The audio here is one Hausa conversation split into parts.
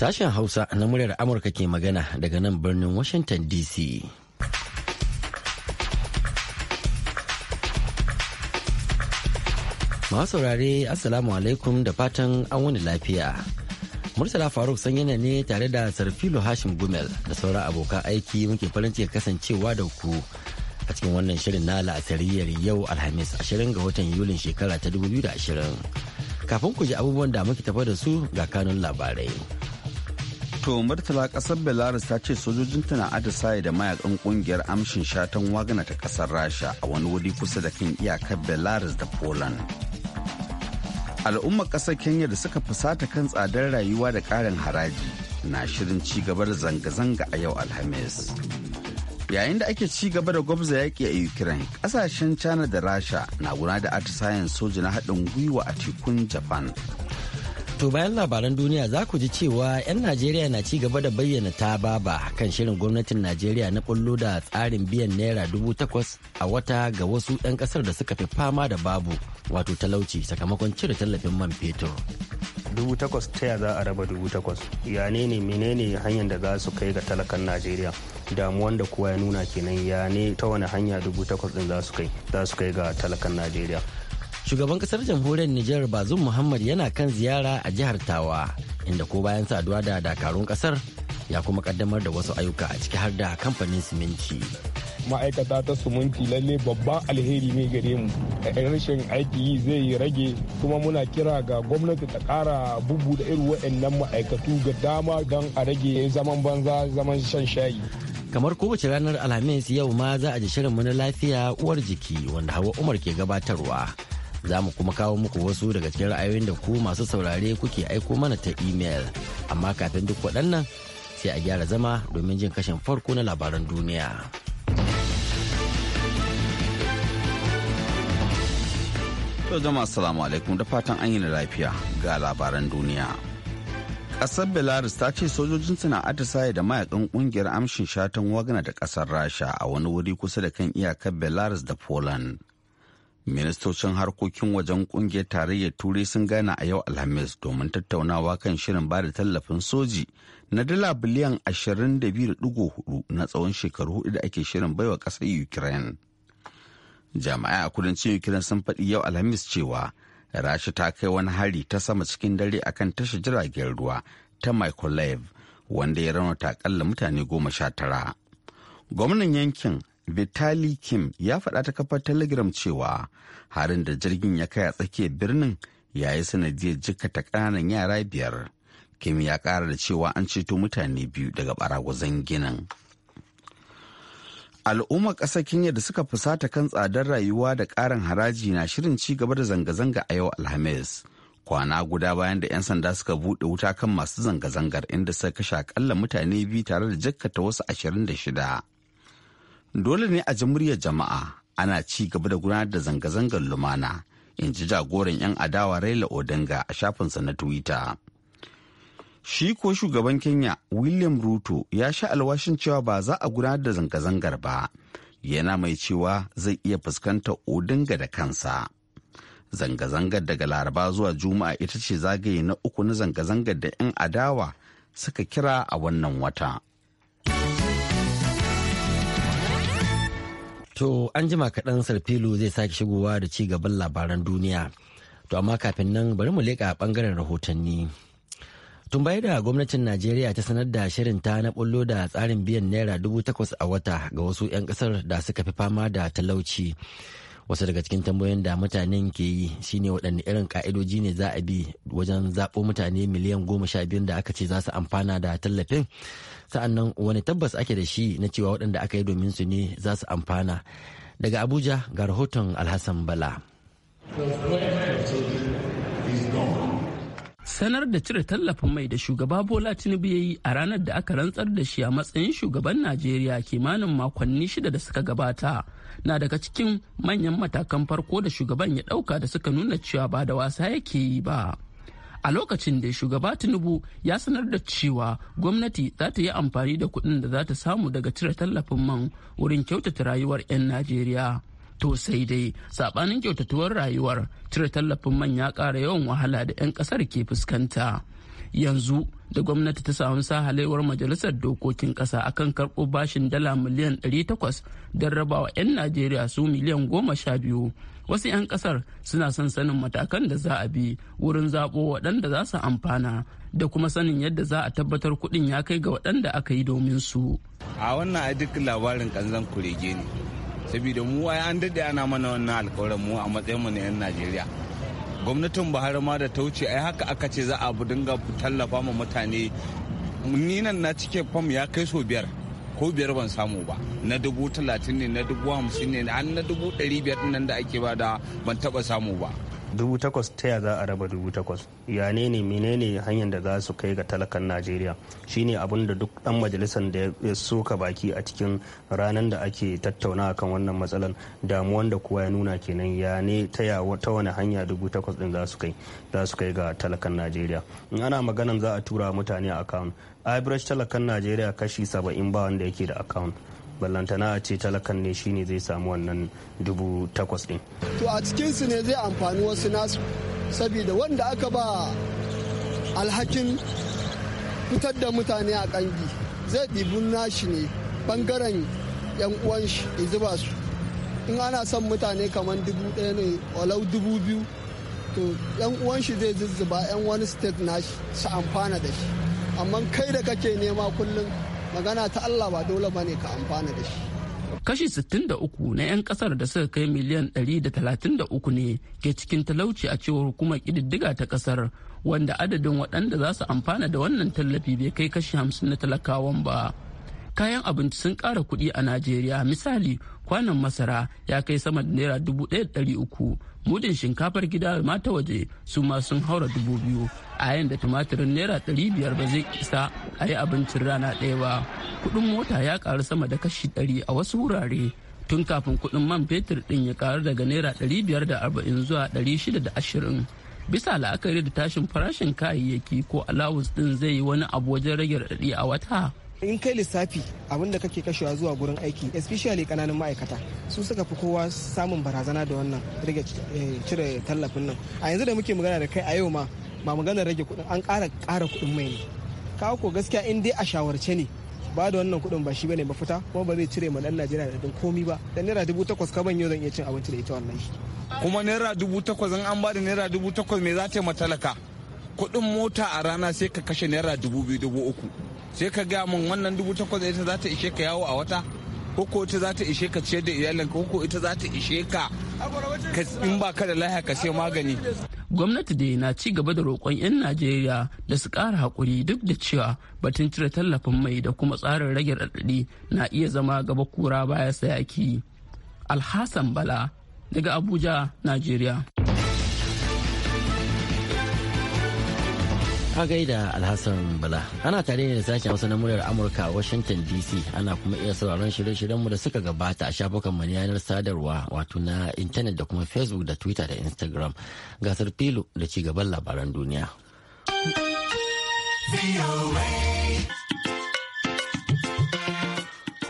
Sashen Hausa na muryar Amurka ke magana daga nan birnin Washington DC. Masu saurare Assalamu alaikum da fatan an wani lafiya. Murtala Faruk yana ne tare da Sarfilo Hashim Gumel da sauran abokan aiki muke farin ciki kasancewa da ku a cikin wannan shirin na la'asariyar yau Alhamis 20 ga watan Yulin shekara ta 2020. Kafin ku ji abubuwan da muke tafa da su ga kanun labarai. To Murtala kasar Belarus ta ce sojojinta na atisaye da mayakan kungiyar amshin shatan wagana ta kasar Rasha a wani wuri kusa da kan iyakar Belarus da Poland. Al'ummar kasar Kenya da suka fusata kan tsadar rayuwa da karin haraji na shirin ci gaba da zanga-zanga a yau Alhamis. Yayin da ake ci gaba da gwabza yaƙi a Ukraine, kasashen China da Rasha na guna da atisayen soja na haɗin gwiwa a tekun Japan. To bayan labaran duniya za ku ji cewa 'yan Najeriya na ci gaba da bayyana ta baba kan shirin gwamnatin Najeriya na kullo da tsarin biyan naira dubu takwas a wata ga wasu 'yan kasar da suka fi fama da babu wato talauci sakamakon cire tallafin man fetur. dubu takwas ta ya za a raba dubu takwas ya ne ne menene hanyar da za su kai ga talakan najeriya damuwan da kowa ya nuna kenan ya ne ta wani hanya dubu takwas din za su kai za su kai ga talakan najeriya shugaban kasar jamhuriyar Nijar Bazum Muhammad yana kan ziyara a jihar Tawa inda ko bayan saduwa da dakarun kasar ya kuma kaddamar da wasu ayyuka a ciki har da kamfanin siminti. ma'aikata ta sumunti lalle babban alheri ne gare mu rashin aiki yi zai rage kuma muna kira ga gwamnati ta kara bugu da irin wa'annan ma'aikatu ga dama don a rage zaman banza zaman shan shayi kamar kowace ranar alhamis yau ma za a ji mu na lafiya uwar jiki wanda hawa umar ke gabatarwa za mu kuma kawo muku wasu daga cikin ra'ayoyin da ku masu saurare kuke aiko mana ta imel amma kafin duk waɗannan sai a gyara zama domin jin kashin farko na labaran duniya To jama'a salamu alaikum da fatan an yi na lafiya ga labaran duniya. ƙasar Belarus ta ce sojojinsu na atisaye da mayakan kungiyar amshin shatan wagna da ƙasar Rasha a wani wuri kusa da kan iyakar Belarus da Poland. ministocin harkokin wajen kungiyar tarayyar turai sun gana a yau alhamis domin tattaunawa kan shirin ba da tallafin soji na dala biliyan 22.4 na tsawon shekaru hudu da ake shirin baiwa kasar ukraine jami'ai a kudancin ukraine sun faɗi yau alhamis cewa Rashi ta kai wani hari ta sama cikin dare akan tashar jiragen ruwa ta microlive wanda ya raunata takalla mutane goma sha tara gwamnan yankin Vitali Kim ya faɗa ta kafar Telegram cewa harin da jirgin ya kai a tsakiyar birnin ya yi sanadiyar jikkata ƙananan yara biyar. Kim ya ƙara da cewa an ceto mutane biyu daga baragwazon ginin. Al'ummar ƙasar Kenya da suka fusata kan tsadar rayuwa da ƙarin haraji na shirin ci gaba da zanga-zanga a yau Alhamis. Kwana guda bayan da 'yan sanda suka buɗe wuta kan masu zanga-zangar inda suka kashe mutane biyu tare da jikkata wasu ashirin da shida. dole ne a jamhuriyar jama'a ana ci gaba da gudanar da zanga-zangar lumana in ji jagoran 'yan adawa raila odinga a shafinsa na twitter shi ko shugaban kenya william ruto ya sha alwashin cewa ba za a gudanar da zanga-zangar ba yana mai cewa zai iya fuskantar odinga da kansa zanga-zangar daga laraba zuwa juma'a ita ce zagaye na uku na zanga-zangar da 'yan adawa suka kira a wannan wata. To an jima kaɗan Sarfilu zai sake shigowa da ci gaban labaran duniya. To amma kafin nan bari mu leƙa ɓangaren rahotanni. Tun baya da gwamnatin Najeriya ta sanar da shirin ta na bullo da tsarin biyan naira dubu takwas a wata ga wasu 'yan ƙasar da suka fi fama da talauci. Wasu daga cikin tambayoyin da mutanen ke yi shine waɗanne irin ka'idoji ne za a bi wajen zaɓo mutane miliyan goma sha biyun da aka ce za su amfana da tallafin sa'annan wani tabbas ake da shi na cewa waɗanda aka yi domin su ne za su amfana daga abuja ga rahoton alhassan bala sanar da cire tallafin mai da shugaba bola tinubu ya yi a ranar da aka rantsar da shi a matsayin shugaban najeriya kimanin makonni shida da suka gabata na daga cikin manyan matakan farko da shugaban ya dauka da suka nuna cewa ba da wasa yake yi ba a lokacin da shugaba tinubu ya sanar da cewa gwamnati za ta yi amfani da kuɗin da za ta samu daga cire tallafin man wurin kyautata rayuwar 'yan najeriya to sai dai sabanin kyautatuwar rayuwar cire tallafin man ya ƙara yawan wahala da 'yan ƙasar ke fuskanta yanzu da gwamnati ta samu sahalewar majalisar dokokin ƙasa akan karɓo bashin dala miliyan 800 don rabawa 'yan najeriya su miliyan goma sha biyu wasu 'yan kasar suna son sanin matakan da za a bi wurin zaɓo waɗanda za su amfana da kuma sanin yadda za a tabbatar kuɗin ya kai ga waɗanda aka yi domin su. a wannan ai duk labarin kanzan kurege ne saboda mu ai an daɗe ana mana wannan alkawarin mu a matsayin mu na 'yan najeriya gwamnatin buhari ma da ta wuce ai haka aka ce za a dinga tallafa ma mutane ni na cike fam ya kai sau biyar ko biyar ban samu ba na dubu talatin ne na dubu hamsin ne an na dubu ɗari biyar nan da ake ba da ban taɓa samu ba dubu takwas ta ya za a raba dubu takwas ya ne ne menene hanyar da za su kai ga talakan najeriya shine abin da duk dan majalisar da ya soka baki a cikin ranar da ake tattauna kan wannan matsalar damuwan da kuwa ya nuna kenan ya ne ta ta wani hanya dubu takwas din za su kai ga talakan najeriya in ana maganan za a tura mutane a account average talakan najeriya kashi saba'in ba wanda yake da account ballantana a ce talakan ne shine zai samu wannan dubu takwas ɗin. to a cikinsu ne zai amfani wasu nasu saboda wanda aka ba alhakin fitar da mutane a kangi zai ɗibin nashi ne bangaren yan uwan shi ya zuba su in ana son mutane kamar dubu ɗaya ne walau dubu biyu to yan uwan shi zai zuzzuba yan wani state nashi su amfana da shi amma kai da kake nema kullum magana ta Allah ba dole ba ne ka amfana da shi kashi 63 na 'yan kasar da suka kai miliyan 133 ne ke cikin talauci a cewar hukumar kididdiga ta kasar wanda adadin waɗanda za su amfana da wannan tallafi bai kai kashi 50 na talakawan ba kayan abinci sun ƙara kuɗi a najeriya misali kwanan masara ya kai sama da naira dubu ɗaya ɗari uku mudin shinkafar gida da mata waje su ma sun haura dubu biyu a yayin da tumatirin naira ɗari biyar ba zai isa a yi abincin rana ɗaya ba kuɗin mota ya ƙaru sama da kashi ɗari a wasu wurare tun kafin kuɗin man fetur ɗin ya ƙaru daga naira ɗari biyar da arba'in zuwa ɗari shida da ashirin bisa la'akari da tashin farashin kayayyaki ko alawus ɗin zai yi wani abu wajen rage raɗaɗi a wata in kai lissafi da kake kashewa zuwa gurin aiki especially kananan ma'aikata su suka fi kowa samun barazana da wannan rage eh, cire tallafin nan a yanzu da muke magana da kai a yau ma ba maganar rage kuɗin an ƙara ƙara kuɗin mai ne kawo ko gaskiya in dai a shawarce ne ba da wannan kudin ba shi bane fita kuma ba zai cire ma dan Najeriya da din komi ba da naira dubu takwas kaban yau zan iya cin abinci da ita wannan shi. kuma naira dubu takwas an ba da naira dubu takwas me za ta yi matalaka kudin mota a rana sai ka kashe naira dubu biyu dubu uku sai ka gaya min wannan dubu takwas ita za ta ishe ka yawo a wata ko ita za ta ishe ka ciyar da iyalinka ko ita za ta ishe ka in ba ka da lahiya ka sai magani. Gwamnati dai na ci gaba da roƙon 'yan Najeriya da su ƙara haƙuri duk da cewa batun cire tallafin mai da kuma tsarin rage raɗaɗi na iya zama gaba kura baya sayaki. Alhassan Bala daga Abuja, Najeriya. ka gaida alhassan bala ana tare ne da sashen hausa na muryar amurka a washington dc ana kuma iya sauraron shirye-shiryenmu da suka gabata a shafukan mu yanar sadarwa wato na intanet da kuma facebook da twitter da instagram gasar filo da cigaban labaran duniya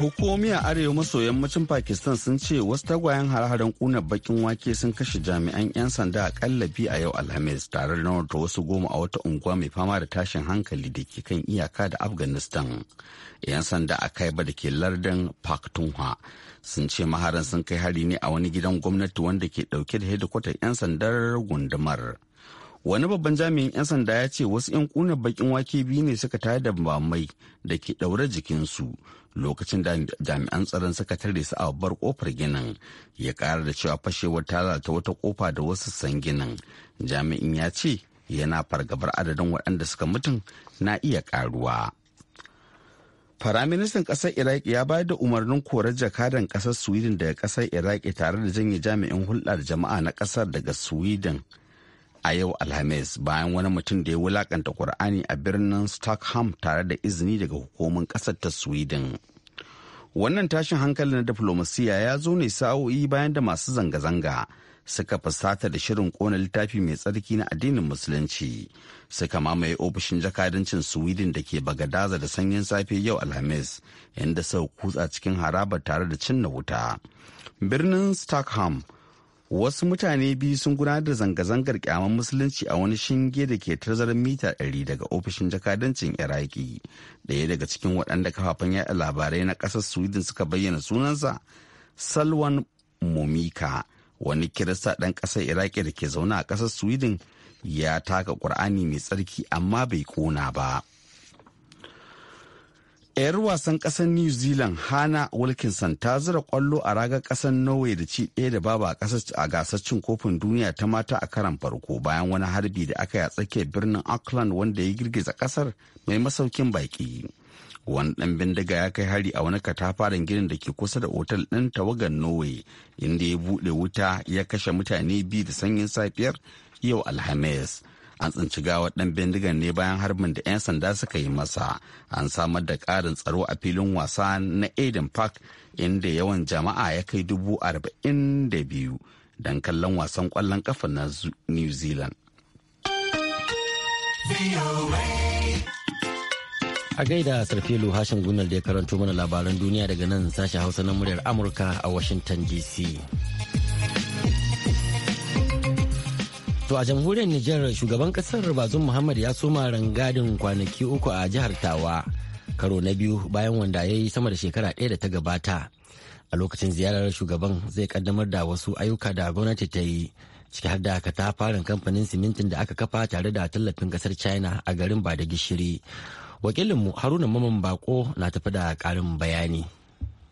Hukumomi a arewa maso yammacin Pakistan sun ce wasu tagwayen har-haren kunar bakin wake sun kashe jami'an 'yan sanda kalla bi a yau Alhamis tare da nawarta wasu goma a wata unguwa mai fama da tashin hankali da ke kan iyaka da Afghanistan. 'Yan sanda a Kaiba da ke lardin Pakhtunkhwa sun ce maharan sun kai hari ne a wani gidan gwamnati wanda ke dauke da hedikwatar 'yan sandar gundumar. wani babban jami'in 'yan sanda ya ce wasu 'yan kunar bakin wake biyu ne suka tare da mamai da ke ɗaure jikinsu lokacin da jami'an tsaron suka tare su a babbar kofar ginin ya kara da cewa fashewar ta lalata wata kofa da wasu san ginin jami'in ya ce yana fargabar adadin waɗanda suka mutum na iya karuwa Firaministan ƙasar Iraq ya bayar da umarnin korar jakadan ƙasar Sweden daga ƙasar Iraq tare da janye jami'in hulɗar jama'a na ƙasar daga Sweden a yau alhamis bayan wani mutum da ya wulakanta kur'ani a birnin stockholm tare da izini daga hukumin kasar ta sweden wannan tashin hankali na diflomasiya ya zo ne sa'o'i bayan da masu zanga-zanga suka fusata da shirin kona littafi mai tsarki na addinin musulunci suka mamaye ofishin jakadancin sweden da ke bagadaza da sanyin safe yau alhamis inda sau kutsa cikin haraba tare da cinna wuta birnin stockholm wasu mutane biyu sun gudanar da zanga-zangar kyaman musulunci a wani shinge da ke tazarar mita 100 daga ofishin jakadancin iraki ɗaya daga cikin waɗanda kafafen yaɗa labarai na ƙasar sweden suka bayyana sunansa salwan momika wani kirista ɗan ƙasar iraki da ke zaune a ƙasar sweden ya taka ƙur'ani mai tsarki amma bai ƙona ba. 'yar wasan ƙasar new zealand hana wilkinson ta zira kwallo a ragar kasar norway da ci ɗaya da babu a gasar cin kofin duniya ta mata a karan farko bayan wani harbi da aka yi a tsakiyar birnin auckland wanda ya girgiza kasar mai masaukin baki wani dan bindiga ya kai hari a wani katafaren ginin da ke kusa da otal ɗin tawagar norway inda ya buɗe wuta ya kashe mutane biyu da sanyin safiyar yau alhamis an tsinci gawar ɗan bindigan ne bayan harbin da 'yan sanda suka yi masa an samar da karin tsaro a filin wasa na eden park inda yawan jama'a ya kai dubu arba'in da biyu don kallon wasan kwallon kafa na new zealand a gaida sarfi hashin gunar da ya karanto mana labaran duniya daga nan sashen hausa na muryar amurka a washington dc To a jamhuriyar Nijar shugaban kasar Bazum Muhammad ya soma rangadin kwanaki uku a jihar Tawa karo na biyu bayan wanda ya yi sama da shekara ɗaya da ta gabata. A lokacin ziyarar shugaban zai kaddamar da wasu ayyuka da gwamnati ta yi ciki har da aka kamfanin simintin da aka kafa tare da tallafin kasar China a garin Bada Gishiri. Wakilinmu Haruna Maman Bako na tafi da ƙarin bayani.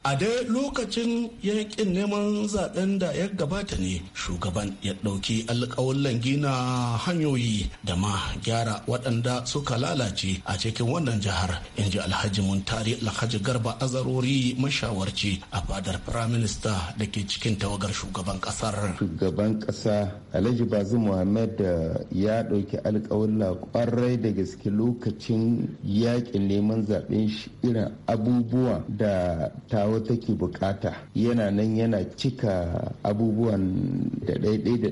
a dai lokacin yaƙin neman zaɓen da ya gabata ne shugaban ya ɗauki alƙawallan gina hanyoyi da ma gyara waɗanda suka lalace a cikin wannan jihar in ji alhaji muntari alhaji garba azarori mashawarci a fadar firaminista da ke cikin tawagar shugaban ƙasar shugaban ƙasa alhaji bazu muhammad eh, ya ɗauki alƙawalla ƙwarai da gaske lokacin yaƙin neman zaɓen shi irin abubuwa da tawo take bukata yana nan yana cika abubuwan da daidai da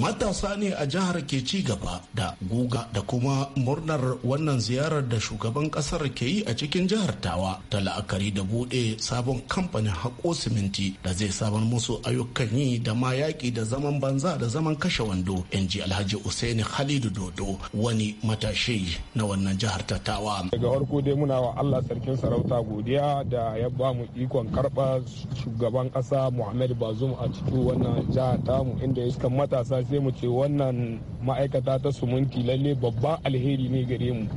Matasa ne a jihar ke ci gaba da guga da kuma murnar wannan ziyarar da shugaban kasar ke yi a cikin jihar Tawa ta la'akari da buɗe sabon kamfanin haƙo siminti da zai sabon musu ayyukan yi da ma yaƙi da zaman banza da zaman kashe wando in ji Alhaji Usaini Khalidu Dodo wani matashi na wannan jihar ta Tawa. Daga farko dai muna wa Allah sarkin sarauta godiya da ya ba mu iko ikon karba shugaban kasa muhammadu bazum a cikin wannan jihar tamu inda ya matasa sai mu ce wannan ma'aikata ta sumunti lalle babban alheri ne gare mu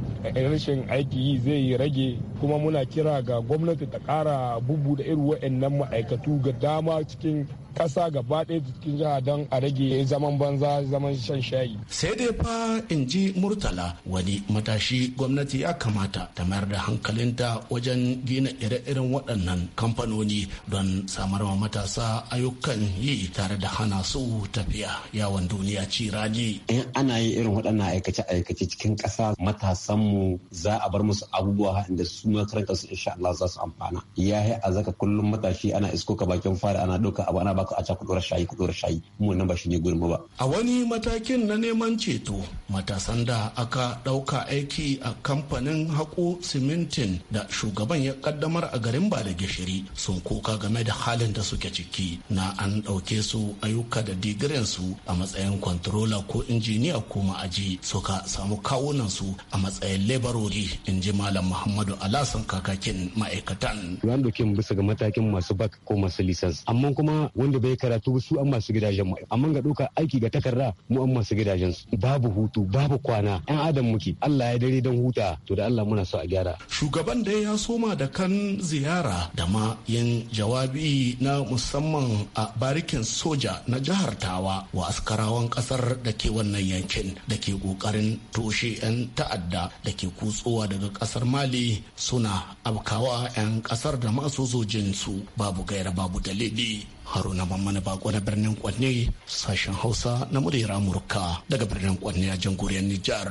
rashin aiki yi zai rage kuma muna kira ga gwamnati ta kara bubu da irin wa'annan ma'aikatu ga dama cikin kasa gaba ɗaya cikin jiha don a rage zaman banza zaman shan shayi. sai dai fa in ji murtala wani matashi gwamnati ya kamata ta mayar da hankalinta wajen gina ire-iren waɗannan kamfanoni don samar wa matasa ayyukan yi tare da hana su tafiya yawon duniya ci rani. in ana yi irin waɗannan aikace-aikace cikin ƙasa matasanmu za a bar musu abubuwa inda su makarantar su insha Allah za su amfana ya yi a zaka kullum matashi ana isko ka bakin fara ana ɗauka abu ana baka a ta ku shayi ku shayi mu wannan ba shine gurin mu ba a wani matakin na neman ceto matasan da aka dauka aiki a kamfanin hako simintin da shugaban ya kaddamar a garin ba da gishiri sun koka game da halin da suke ciki na an dauke su ayyuka da digirin su a matsayin controller ko injiniya ko ma'aji suka samu kawunan su a matsayin laborori in ji malam muhammadu alasan kakakin ma'aikatan. Ran dokin bisa ga matakin masu bak ko masu lisans amma kuma wani wanda bai karatu su an masu gidajen mu amma ga doka aiki ga takarda mu an masu gidajen su babu hutu babu kwana yan adam muke Allah ya dare dan huta to da Allah muna so a gyara shugaban da ya soma da kan ziyara da ma yin jawabi na musamman a barikin soja na jihar Tawa wa askarawan kasar da ke wannan yankin da ke kokarin toshe yan ta'adda da ke kutsowa daga kasar Mali suna abkawa yan kasar da masu zojin su babu gaira babu dalili haruna mamman bako na birnin kwanne sashen hausa na muryar amurka daga birnin kwanne a jamhuriyar nijar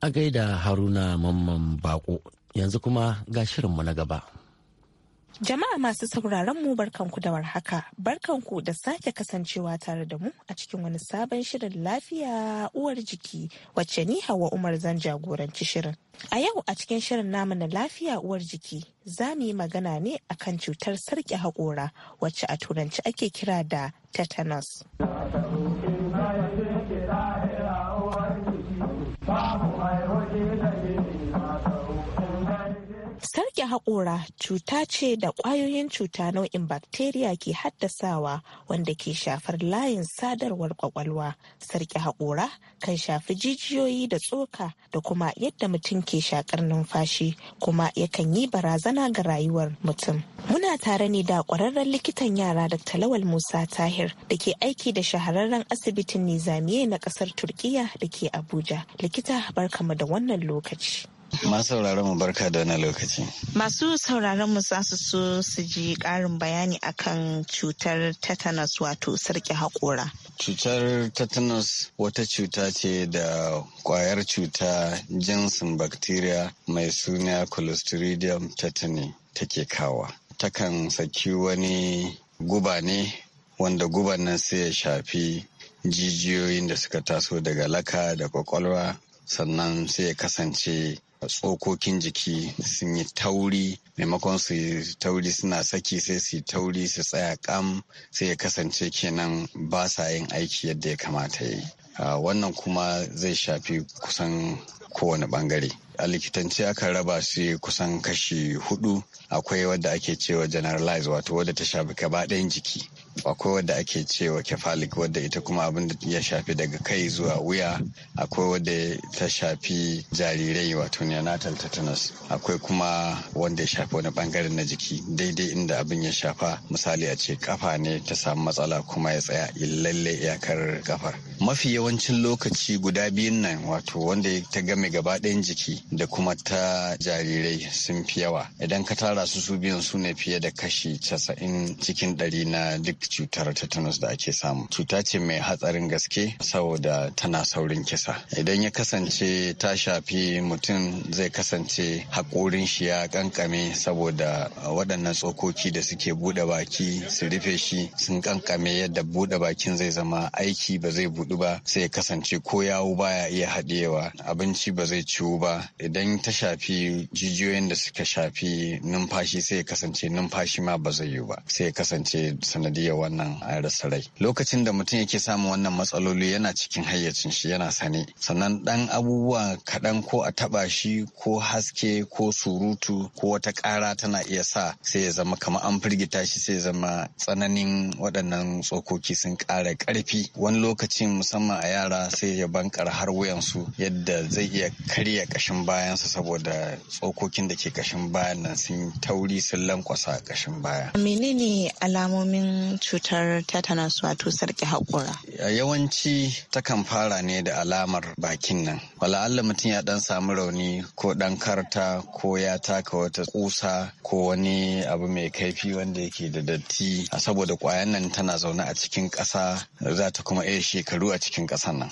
a gaida haruna mamman bako yanzu kuma ga shirinmu na gaba Jama'a masu sauraron mu barkanku da warhaka, barkanku da sake kasancewa tare da mu a cikin wani sabon shirin lafiya uwar jiki wacce ni Hawa Umar zan jagoranci shirin. A yau a cikin shirin namu na lafiya uwar jiki za mu yi magana ne akan cutar sarki haƙora wacce a turanci ake kira da tetanus. hakora cuta ce da ƙwayoyin cuta nau'in bakteriya ke haddasawa wanda ke shafar layin sadarwar ƙwaƙwalwa. Sarki haƙora kan shafi jijiyoyi da tsoka da kuma yadda mutum ke shakar numfashi kuma yakan yi barazana ga rayuwar mutum. Muna tare ne da ƙwararren likitan yara da Talawal Musa Tahir da ke aiki da shahararren asibitin Nizamiye na ƙasar Turkiya da ke Abuja. Likita barkamu da wannan lokaci. Masu sauraron mu barka da wani lokaci. Masu sauraron mu za su so su ji ƙarin bayani akan cutar tetanus wato sarki haƙora. Cutar tetanus wata cuta ce da ƙwayar cuta jinsin bakteriya mai suna Clostridium tetani take kawa. Takan saki wani guba ne wanda guban nan sai ya shafi jijiyoyin da suka taso daga laka da kwakwalwa sannan sai ya kasance tsokokin jiki sun yi tauri maimakon su yi tauri suna saki sai su yi tauri su tsaya kam sai ya kasance kenan ba sa yin aiki yadda ya kamata yi wannan kuma zai shafi kusan kowane bangare a likitance aka raba su kusan kashi hudu akwai wadda ake cewa generalize wato wadda ta shafi gaba jiki akwai wadda ake cewa kefalik wadda ita kuma abin da ya shafi daga kai zuwa wuya akwai wadda ta shafi jarirai wato neonatal tetanus akwai kuma wanda ya shafi wani bangare na jiki daidai inda abin ya shafa misali a ce kafa ne ta samu matsala kuma ya tsaya lalle iyakar kafar mafi yawancin lokaci guda biyun nan wato wanda ta game gaba ɗayan jiki da kuma ta jarirai sun fi yawa idan ka tara su su biyan su ne fiye da kashi casa'in cikin ɗari na duk cutar tetanus da ake samu cuta ce mai hatsarin gaske saboda tana saurin kisa idan ya kasance ta shafi mutum zai kasance haƙorin shi ya kankame saboda waɗannan tsokoki da suke buɗe baki su rufe shi sun kankame yadda buɗe bakin zai zama aiki ba zai buɗu ba sai ya kasance ko yawu baya iya haɗewa abinci ba zai ciwu ba idan ta shafi jijiyoyin da suka shafi numfashi sai ya kasance numfashi ma ba zai yiwu ba sai ya kasance sanadiyar wannan rasa rai lokacin da mutum yake samun wannan matsaloli yana cikin hayyacin shi yana sane sannan dan abubuwa kaɗan ko a taba shi ko haske ko surutu ko wata ƙara tana iya sa sai ya zama kamar an firgita shi sai ya zama tsananin waɗannan tsokoki sun ƙara ƙarfi wani lokacin musamman a yara sai ya bankar har wuyansu yadda zai iya karya ƙashin bayansa saboda tsokokin da ke ƙashin bayan nan sun tauri sun lankwasa ƙashin baya. menene alamomin cutar tetanus wato sarki haƙura? Yawanci takan fara ne da alamar bakin nan. Wala'alla mutum ya ɗan samu rauni ko ɗan karta ko ya taka wata ƙusa ko wani abu mai kaifi wanda yake da datti saboda ƙwayan nan tana zaune a cikin ƙasa za ta kuma iya shekaru a cikin ƙasan nan.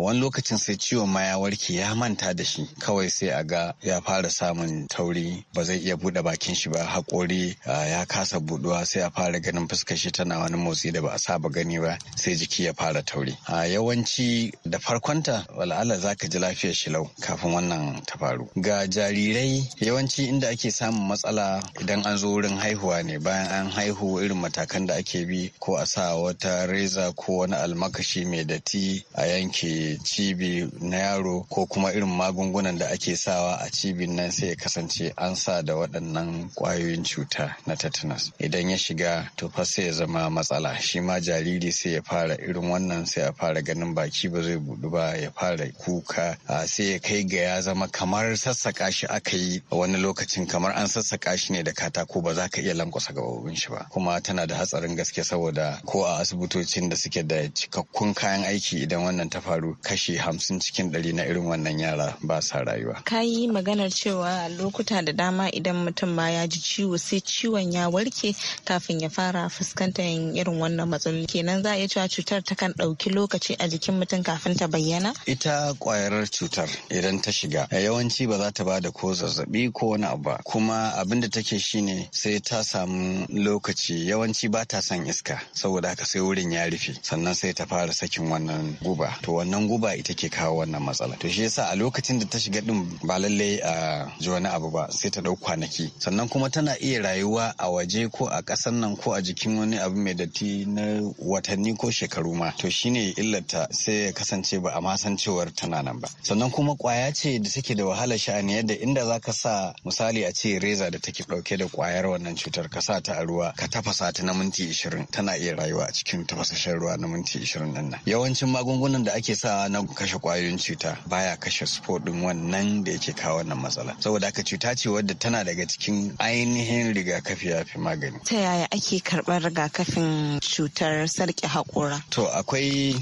Wani lokacin sai ciwon ma ya warke ya manta da shi kawai sai a ga ya fara samun tauri ba zai iya buɗe bakin shi ba haƙori ya kasa buɗuwa sai a fara ganin fuskar shi tana tana wani motsi da ba a saba gani ba sai jiki ya fara tauri a yawanci da farkonta wala'ala za ka ji lafiyar lau kafin wannan ta faru ga jarirai yawanci inda ake samun matsala idan an zo wurin haihuwa ne bayan an haihu irin matakan da ake bi ko a sa wata reza ko wani almakashi mai datti a yanke cibi na yaro ko kuma irin magungunan da ake sawa a cibin nan sai ya kasance an sa da waɗannan ƙwayoyin cuta na tetanus idan ya shiga to fa sai ya zama ma matsala shi ma jariri sai ya fara irin wannan sai ya fara ganin baki ba zai budu ba ya fara kuka sai ya kai ga ya zama kamar sassaka shi aka yi wani lokacin kamar an sassaka shi ne da katako ba za ka iya lankwasa gababin shi ba kuma tana da hatsarin gaske saboda ko a asibitocin da suke da cikakkun kayan aiki idan wannan ta faru kashi hamsin cikin ɗari na irin wannan yara ba sa rayuwa. ka yi maganar cewa lokuta da dama idan mutum ma ya ji ciwo sai ciwon ya warke kafin ya fara fuskantar yanayin irin wannan matsaloli kenan za a iya cewa cutar ta kan ɗauki lokaci a jikin mutum kafin ta bayyana? Ita ƙwayar cutar idan ta shiga yawanci ba za ta ba da ko zazzabi ko wani abu ba kuma abin da take ne sai ta samu lokaci yawanci ba ta son iska saboda haka sai wurin ya rufe sannan sai ta fara sakin wannan guba to wannan guba ita ke kawo wannan matsala to shi yasa a lokacin da ta shiga din ba lallai a ji wani abu ba sai ta ɗau kwanaki sannan kuma tana iya rayuwa a waje ko a ƙasan nan ko a jikin wani abu mai datti na watanni ko shekaru ma to shine illata sai ya kasance ba a masan cewar tana nan ba sannan kuma kwaya ce da take da wahalar sha'ani yadda inda zaka sa misali a ce reza da take dauke da kwayar wannan cutar ka sa ta a ruwa ka tafasa ta na minti 20 tana iya rayuwa a cikin tafasashen ruwa na minti 20 nan nan yawancin magungunan da ake sa na kashe kwayoyin cuta baya kashe sport din wannan da yake kawo wannan matsala saboda haka cuta ce wadda tana daga cikin ainihin rigakafi ya fi magani ta yaya ake karɓar rigakafi rigakafin cutar sarki haƙura? To akwai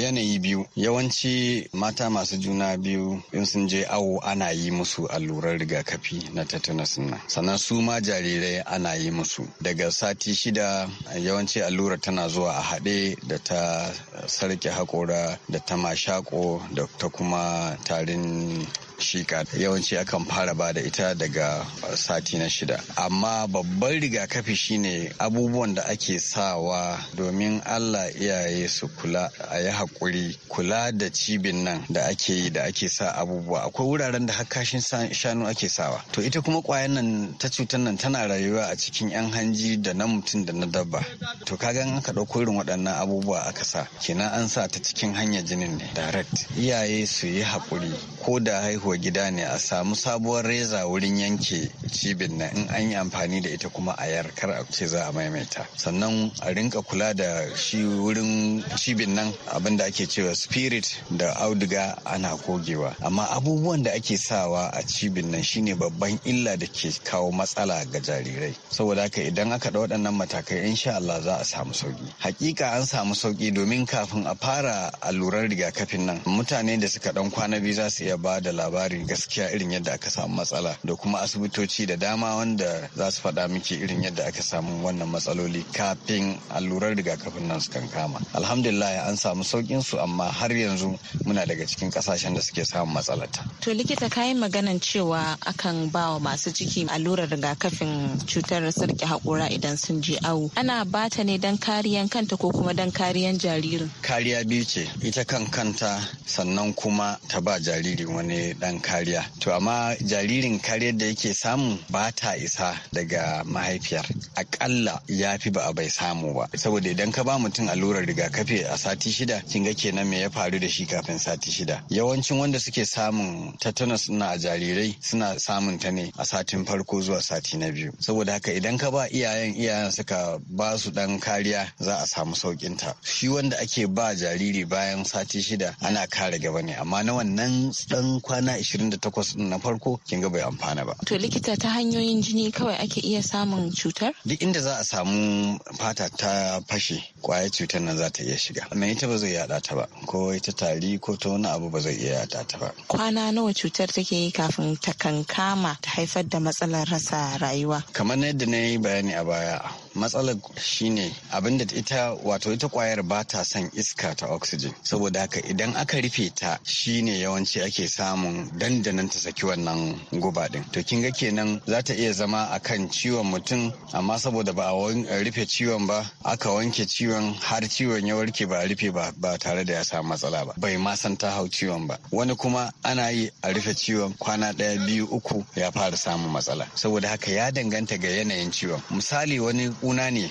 yanayi biyu yawanci mata masu juna biyu in sun je awo ana yi musu allurar rigakafi na tetanus nan sannan su ma jarirai ana yi musu daga sati shida yawanci allura tana zuwa a haɗe da ta sarki haƙora da ta mashako da ta kuma tarin shika yawanci akan fara ba da ita daga uh, sati na shida amma babban rigakafi shine abubuwan da ake sawa domin allah iyaye su kula a yi haƙuri kula da cibin nan da ake yi da ake sa abubuwa akwai wuraren da kashin shanu ake sawa to ita kuma kwayan nan ta cutar nan tana rayuwa a cikin yan hanji da na mutum da na dabba to ka gan aka ɗauko irin waɗannan abubuwa aka sa kenan an sa ta cikin hanyar jinin ne direct iyaye su yi haƙuri ko da haihu haihuwa gida ne a samu sabuwar reza wurin yanke cibin nan in an yi amfani da ita kuma a yarkar a ce za a maimaita sannan a rinka kula da shi wurin cibin nan abinda ake cewa spirit da auduga ana kogewa amma abubuwan da ake sawa a cibin nan shine babban illa da ke kawo matsala ga jarirai saboda haka idan aka da waɗannan matakai insha Allah za a samu sauki hakika an samu sauki domin kafin a fara allurar rigakafin nan mutane da suka dan kwana biyu za su iya ba da labarin labari gaskiya irin yadda aka samu matsala da kuma asibitoci da dama wanda za su faɗa miki irin yadda aka samu wannan matsaloli kafin allurar rigakafin nan su kan kama alhamdulillah an samu saukin su amma har yanzu muna daga cikin kasashen da suke samun matsalata to likita kayan maganan cewa akan ba wa masu ciki allurar rigakafin cutar sarki haƙura idan sun je awo ana bata ne don kariyan kanta ko kuma don kariyan jaririn kariya biyu ce ita kan kanta sannan kuma ta ba jariri wani dan kariya to amma jaririn kariyar da yake samu ba ta isa daga mahaifiyar akalla ya fi ba a bai samu ba saboda idan ka ba mutum allurar rigakafi a sati shida kin ga kenan me ya faru da shi kafin sati shida yawancin wanda suke samun tetanus na jarirai suna samun ta ne a satin farko zuwa sati na biyu saboda haka idan ka ba iyayen iyayen suka ba su dan kariya za a samu saukin ta shi wanda ake ba jariri bayan sati shida ana kare gaba ne amma na wannan dan kwana kwana 28 din na farko kin ga bai amfana ba. To likita ta hanyoyin jini kawai ake iya samun cutar? Duk inda za a samu fata ta fashe kwayar cutar nan za ta iya shiga. Amma ita ba zai yada ta ba ko ita tari ko ta wani abu ba zai iya yada ta ba. Kwana nawa cutar take yi kafin ta kankama ta haifar da matsalar rasa rayuwa? Kamar yadda na yi bayani a baya matsalar shine abinda ita wato ita kwayar ba ta son iska ta oxygen saboda haka idan aka rufe ta shine yawanci ake samun dandanan ta saki wannan guba din to kin ga kenan za ta iya zama a kan ciwon mutum amma saboda ba a rufe ciwon ba aka wanke ciwon har ciwon ya warke ba a rufe ba ba tare da ya samu matsala ba bai ma san ta hau ciwon ba wani kuma ana yi a rufe ciwon kwana ɗaya biyu uku ya fara samun matsala saboda haka ya danganta ga yanayin ciwon misali wani saƙona ne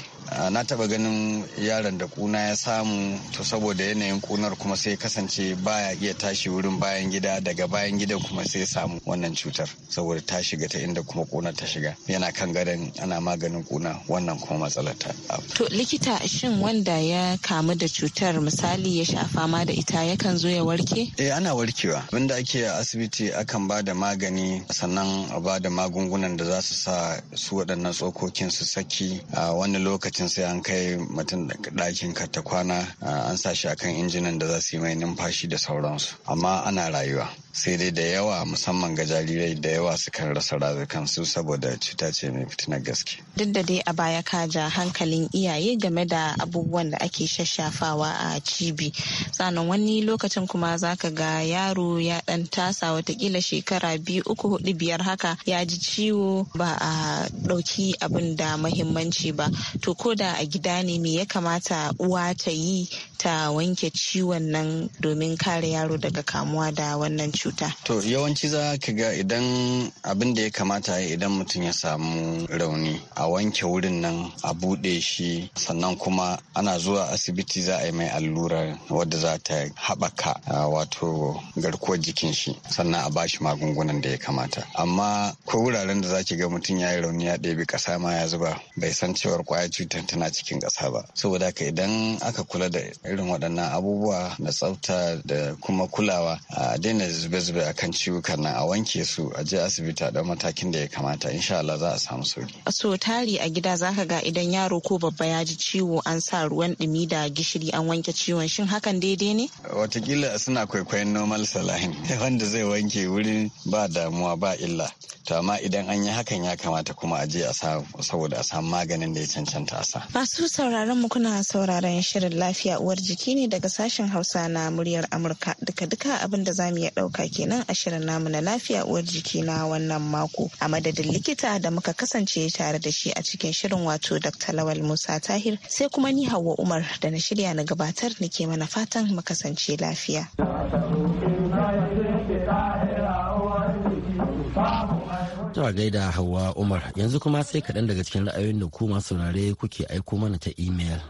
na taba ganin yaron da kuna ya samu to saboda yanayin kunar kuma sai kasance baya iya tashi wurin bayan gida daga bayan gida kuma sai samu wannan cutar saboda ta shiga ta inda kuma kunar ta shiga yana kan gadon ana maganin kuna wannan kuma matsalar ta to likita shin wanda ya kamu da cutar misali ya sha fama da ita yakan zo ya warke eh ana warkewa wanda ake a asibiti akan ba da magani sannan a ba da magungunan da za su sa su waɗannan tsokokin su saki a wani lokaci lokacin sai an kai mutum ɗakin ka ta kwana an sa shi akan injinan da za su yi mai numfashi da sauransu amma ana rayuwa sai dai da yawa musamman ga jarirai da yawa sukan rasa su saboda cuta ce mai fitinar gaske. Duk da dai a baya ka ja hankalin iyaye game da abubuwan da ake shashafawa a cibi. Sannan wani lokacin kuma za ka ga yaro ya dan tasa watakila shekara biyu uku hudu biyar haka ya ji ciwo ba a ɗauki abin da mahimmanci ba. To ko da a gida ne me ya kamata uwa ta yi ta wanke ciwon nan domin kare yaro daga kamuwa da wannan cuta? To yawanci za ka ga idan abin da ya kamata ya idan mutum ya samu rauni a wanke wurin nan a buɗe shi sannan kuma ana zuwa asibiti za a yi mai allurar wadda za ta haɓaka wato garkuwar jikin shi sannan a bashi magungunan da ya kamata. Amma ko wuraren da za ki ga mutum ya yi rauni ya ɗebi ƙasa ma ya zuba bai san cewar kwaya cutar tana cikin ƙasa ba. Saboda haka idan aka kula da irin waɗannan abubuwa na tsafta da kuma kulawa a daina zube-zube a kan ciwukan nan a wanke su a je asibiti a ɗan matakin da ya kamata insha Allah za a samu sauki. So tari a gida za ka ga idan yaro ko babba ya ji ciwo an sa ruwan ɗumi da gishiri an wanke ciwon shin hakan daidai ne? Watakila suna kwaikwayon normal salahin wanda zai wanke wurin ba damuwa ba illa. To amma idan an yi hakan ya kamata kuma a je a saboda a samu maganin da ya cancanta a sa. Masu sauraron mu kuna sauraron shirin lafiya uwa uwar jiki ne daga sashen Hausa na muryar Amurka. Duka-duka abinda za mu iya dauka kenan a shirin namu na lafiya uwar jiki na wannan mako. A madadin likita da muka kasance tare da shi a cikin shirin wato Dr. Lawal Musa Tahir sai kuma ni hawa Umar da na shirya na gabatar nake mana fatan mu kasance lafiya. Tawa gaida Hauwa Umar yanzu kuma sai kaɗan daga cikin ra'ayoyin da ku saurare kuke aiko mana ta imel.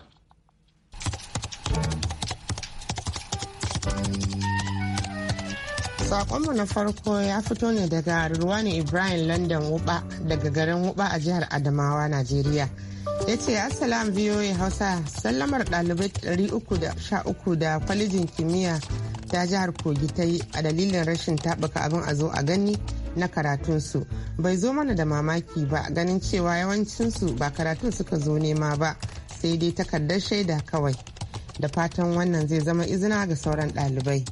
Sakonmu na farko ya fito ne daga Ruwani Ibrahim London Wuba daga garin Wuba a jihar Adamawa, Najeriya. ya ce assalam ya hausa sallamar ɗalibai 313 da kwalejin kimiyya ta jihar kogi ta yi a dalilin rashin taɓuka abin a zo a gani na karatunsu bai zo mana da mamaki ba ganin cewa yawancinsu ba karatun suka zo nema ba sai dai takardar shaida kawai da fatan wannan zai zama izina ga sauran dalibai.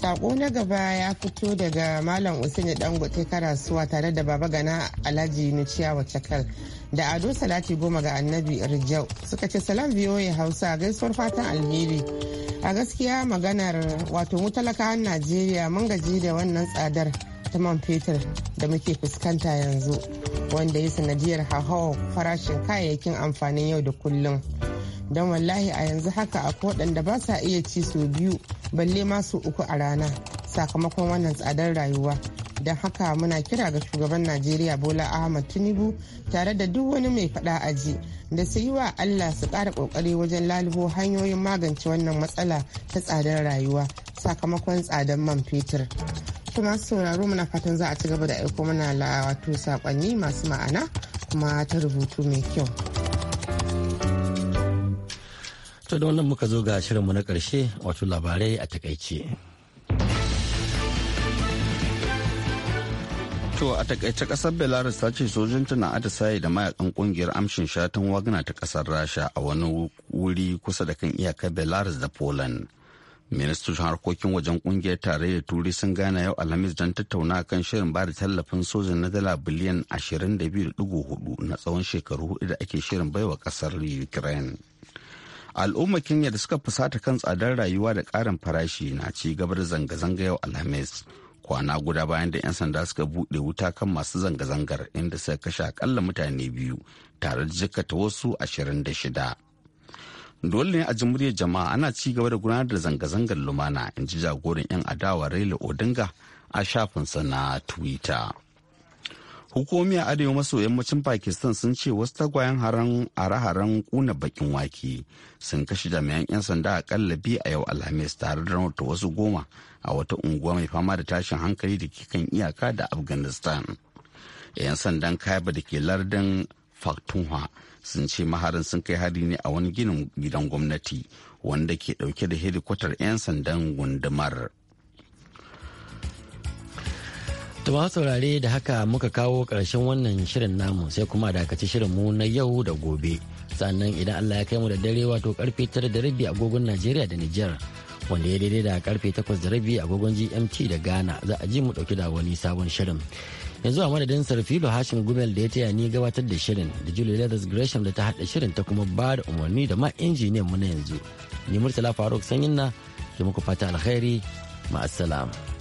sako na gaba ya fito daga malam usaini dangote karasuwa tare da baba gana alhaji nuciya wacakal da ado salati goma ga annabi rijau suka ce salam ya hausa gaisuwar fatan alheri a gaskiya maganar wato mutalaka talakawan najeriya mun gaji da wannan tsadar ta man fetur da muke fuskanta yanzu wanda ya sanadiyar hauhawar farashin kayayyakin amfanin yau da kullum don wallahi a yanzu haka akwai waɗanda ba sa iya ci sau biyu balle ma su uku a rana sakamakon wannan tsadar rayuwa don haka muna kira ga shugaban najeriya bola ahmad tinubu tare da duk wani mai fada aji da su yi wa allah su ƙara ƙoƙari wajen lalubo hanyoyin magance wannan matsala ta tsadar rayuwa sakamakon tsadar man fetur kuma sauraro muna fatan za a ci gaba da aiko mana wato sakonni masu ma'ana kuma ta rubutu mai kyau. To da wannan muka zo ga shirinmu na ƙarshe wato labarai a takaice. To a takaice kasar Belarus ta ce sojojinta na atisaye da mayakan kungiyar amshin shatan wagna ta kasar Rasha a wani wuri kusa da kan iyakar Belarus da Poland. Ministan harkokin wajen kungiyar tarayyar turai sun gane yau Alhamis don tattauna kan shirin ba da tallafin sojin na dala biliyan 22.4 na tsawon shekaru hudu da ake shirin baiwa kasar Ukraine. al'ummar kenya da suka fusata kan tsadar rayuwa da ƙarin farashi na ci gaba da zanga-zanga yau alhamis kwana guda bayan da 'yan sanda suka buɗe wuta kan masu zanga-zangar inda suka kashe akalla mutane biyu tare da jikkata wasu 26 dole ne a jamhuriyar jama'a ana ci gaba da gudanar da zanga-zangar lumana in ji jagoran 'yan adawa raila odinga a shafinsa na twitter hukumomi a arewa maso yammacin pakistan sun ce wasu tagwayen haran hare-haren kuna bakin wake sun kashe jami'an 'yan sanda akalla biyu a yau alhamis tare da rahoto wasu goma a wata unguwa mai fama da tashin hankali da ke kan iyaka da afghanistan 'yan sandan kaiba da ke lardin faktunwa sun ce maharin sun kai hari ne a wani ginin gidan gwamnati wanda ke dauke da hedikwatar 'yan sandan gundumar. Tuma saurare da haka muka kawo karshen wannan shirin namu sai kuma dakaci shirin mu na yau da gobe. Sannan idan Allah ya kai mu da dare wato karfe tara da rabi agogon Najeriya da Nijar. Wanda ya daidai da karfe takwas da rabi agogon GMT da Ghana za a ji mu dauki da wani sabon shirin. Yanzu a madadin Sarfilo Hashim Gumel da ya taya ni gabatar da shirin da Julie Leathers Gresham da ta haɗa shirin ta kuma ba da umarni da ma injiniyan mu na yanzu. Ni Murtala Faruk Sanyin na ke muku fata alkhairi ma'assalam.